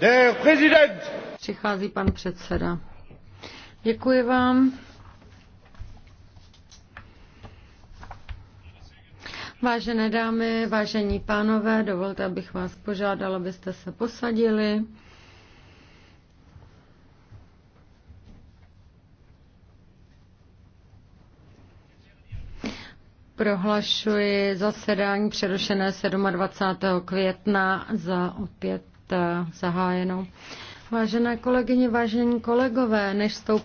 Der Präsident. Přichází pan předseda. Děkuji vám. Vážené dámy, vážení pánové, dovolte, abych vás požádala, abyste se posadili. Prohlašuji zasedání přerušené 27. května za opět zahájeno. Vážené kolegyně, vážení kolegové, než vstoupíme